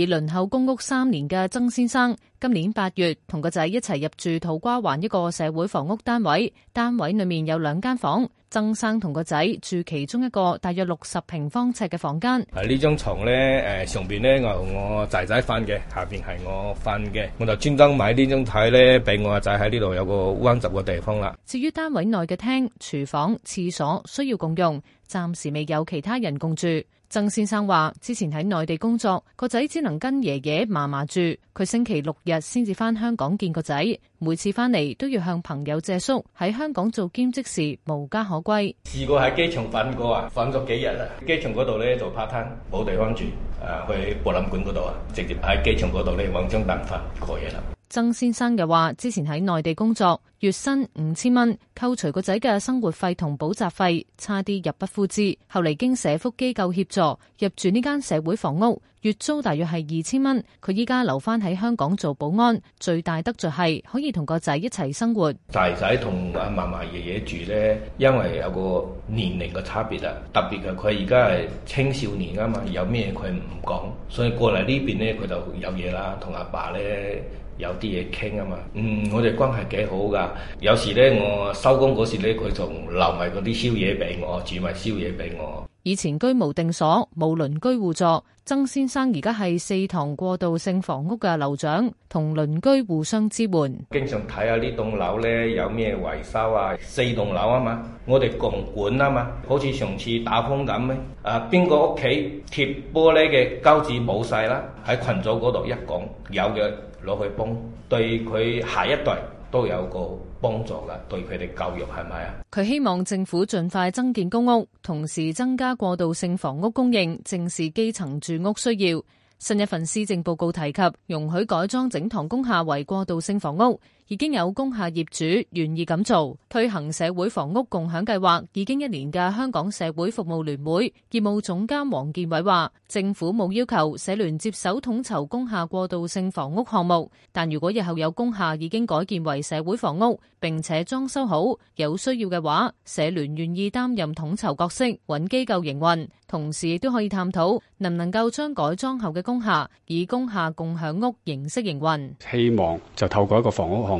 而輪候公屋三年嘅曾先生，今年八月同個仔一齊入住土瓜灣一個社會房屋單位，單位裏面有兩間房，曾生同個仔住其中一個大約六十平方尺嘅房間。係，呢張床咧，誒、呃，上邊咧我同我仔仔瞓嘅，下邊係我瞓嘅，我就專登買呢張台咧俾我阿仔喺呢度有個溫習嘅地方啦。至於單位內嘅廳、廚房、廁所需要共用，暫時未有其他人共住。曾先生話：之前喺內地工作，個仔只能跟爺爺嫲嫲住，佢星期六日先至翻香港見個仔，每次翻嚟都要向朋友借宿。喺香港做兼職時無家可歸，試過喺機場瞓過啊，瞓咗幾日啦。機場嗰度咧就趴攤，冇地方住，啊去博覽館嗰度啊，直接喺機場嗰度咧揾張凳瞓過夜啦。曾先生又話：之前喺內地工作，月薪五千蚊，扣除個仔嘅生活費同補習費，差啲入不敷支。後嚟經社福機構協助，入住呢間社會房屋，月租大約係二千蚊。佢依家留翻喺香港做保安，最大得着係可以同個仔一齊生活。大仔同阿嫲嫲爺爺住咧，因為有個年齡嘅差別啊，特別係佢而家係青少年啊嘛，有咩佢唔講，所以過嚟呢邊咧，佢就有嘢啦，同阿爸咧。有啲嘢傾啊嘛，嗯，我哋關係幾好噶。有時咧，我收工嗰時咧，佢仲留埋嗰啲宵夜俾我，煮埋宵夜俾我。以前居無定所，冇鄰居互助。曾先生而家係四堂過渡性房屋嘅樓長，同鄰居互相支援。經常睇下呢棟樓咧，有咩維修啊。四棟樓啊嘛，我哋共管啊嘛。好似上次打風咁咩？啊邊個屋企貼玻璃嘅膠紙冇晒啦？喺群組嗰度一講有嘅。攞去幫對佢下一代都有個幫助啦，對佢哋教育係咪啊？佢希望政府盡快增建公屋，同時增加過渡性房屋供應，正視基層住屋需要。新一份施政報告提及容許改裝整幢工廈為過渡性房屋。已經有工廈業主願意咁做，推行社會房屋共享計劃已經一年嘅香港社會服務聯會業務總監黃建偉話，政府冇要求社聯接手統籌工廈過渡性房屋項目，但如果日後有工廈已經改建為社會房屋，並且裝修好，有需要嘅話，社聯願意擔任統籌角色，揾機構營運，同時都可以探討能唔能夠將改裝後嘅工廈以工廈共享屋形式營運。希望就透過一個房屋項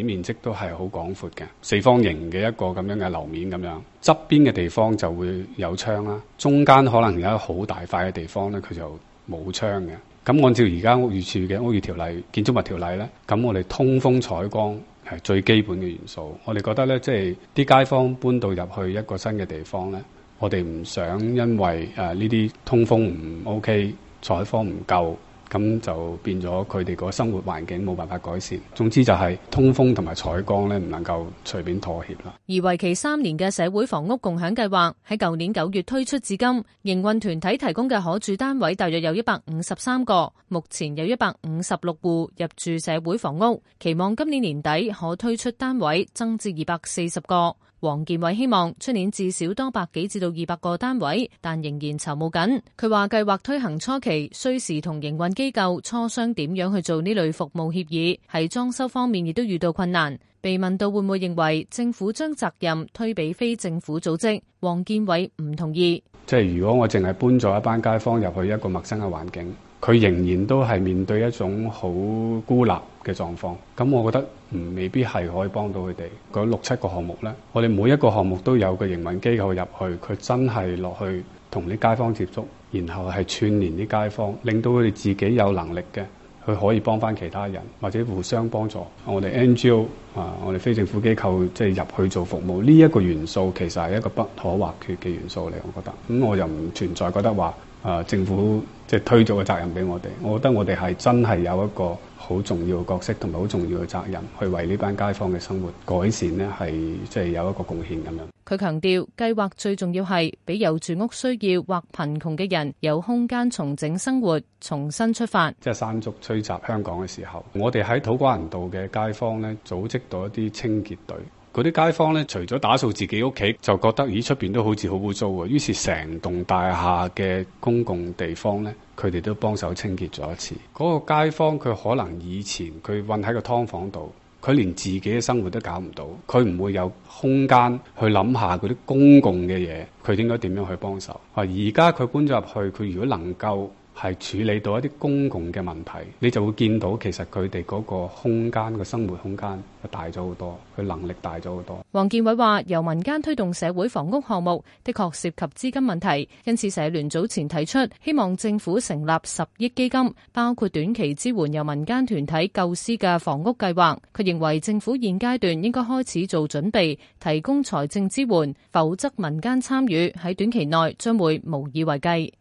面積都係好廣闊嘅，四方形嘅一個咁樣嘅樓面咁樣，側邊嘅地方就會有窗啦，中間可能有一好大塊嘅地方咧，佢就冇窗嘅。咁按照而家屋宇署嘅屋宇條例、建築物條例咧，咁我哋通風採光係最基本嘅元素。我哋覺得咧，即係啲街坊搬到入去一個新嘅地方咧，我哋唔想因為誒呢啲通風唔 OK，採光唔夠。咁就變咗佢哋個生活環境冇辦法改善。總之就係通風同埋採光咧，唔能夠隨便妥協啦。而為期三年嘅社會房屋共享計劃喺舊年九月推出至今，營運團體提供嘅可住單位大約有一百五十三個，目前有一百五十六戶入住社會房屋，期望今年年底可推出單位增至二百四十個。黃建偉希望出年至少多百幾至到二百個單位，但仍然籌募緊。佢話計劃推行初期，需時同營運機構磋商點樣去做呢類服務協議。喺裝修方面亦都遇到困難。被問到會唔會認為政府將責任推俾非政府組織，黃建偉唔同意。即係如果我淨係搬咗一班街坊入去一個陌生嘅環境，佢仍然都係面對一種好孤立嘅狀況，咁我覺得唔未必係可以幫到佢哋。嗰六七個項目咧，我哋每一個項目都有個營運機構入去，佢真係落去同啲街坊接觸，然後係串連啲街坊，令到佢哋自己有能力嘅。佢可以幫翻其他人，或者互相幫助。我哋 NGO 啊，我哋非政府機構即係入去做服務，呢一個元素其實係一個不可或缺嘅元素嚟，我覺得。咁我就唔存在覺得話，誒政府即係推咗個責任俾我哋。我覺得我哋係真係有一個好重要嘅角色，同埋好重要嘅責任，去為呢班街坊嘅生活改善呢，係即係有一個貢獻咁樣。佢強調計劃最重要係俾有住屋需要或貧窮嘅人有空間重整生活，重新出發。即係山竹吹襲香港嘅時候，我哋喺土瓜灣道嘅街坊呢，組織到一啲清潔隊。嗰啲街坊呢，除咗打掃自己屋企，就覺得咦出邊都好似好污糟啊！於是成棟大廈嘅公共地方呢，佢哋都幫手清潔咗一次。嗰、嗰個街坊佢可能以前佢困喺個劏房度。佢連自己嘅生活都搞唔到，佢唔會有空間去諗下嗰啲公共嘅嘢，佢應該點樣去幫手。而家佢搬咗入去，佢如果能夠。係處理到一啲公共嘅問題，你就會見到其實佢哋嗰個空間嘅生活空間大咗好多，佢能力大咗好多。黃健偉話：由民間推動社會房屋項目，的確涉及資金問題，因此社聯早前提出希望政府成立十億基金，包括短期支援由民間團體構思嘅房屋計劃。佢認為政府現階段應該開始做準備，提供財政支援，否則民間參與喺短期內將會無以為繼。